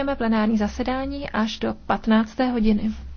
přerušujeme plenární zasedání až do 15. hodiny.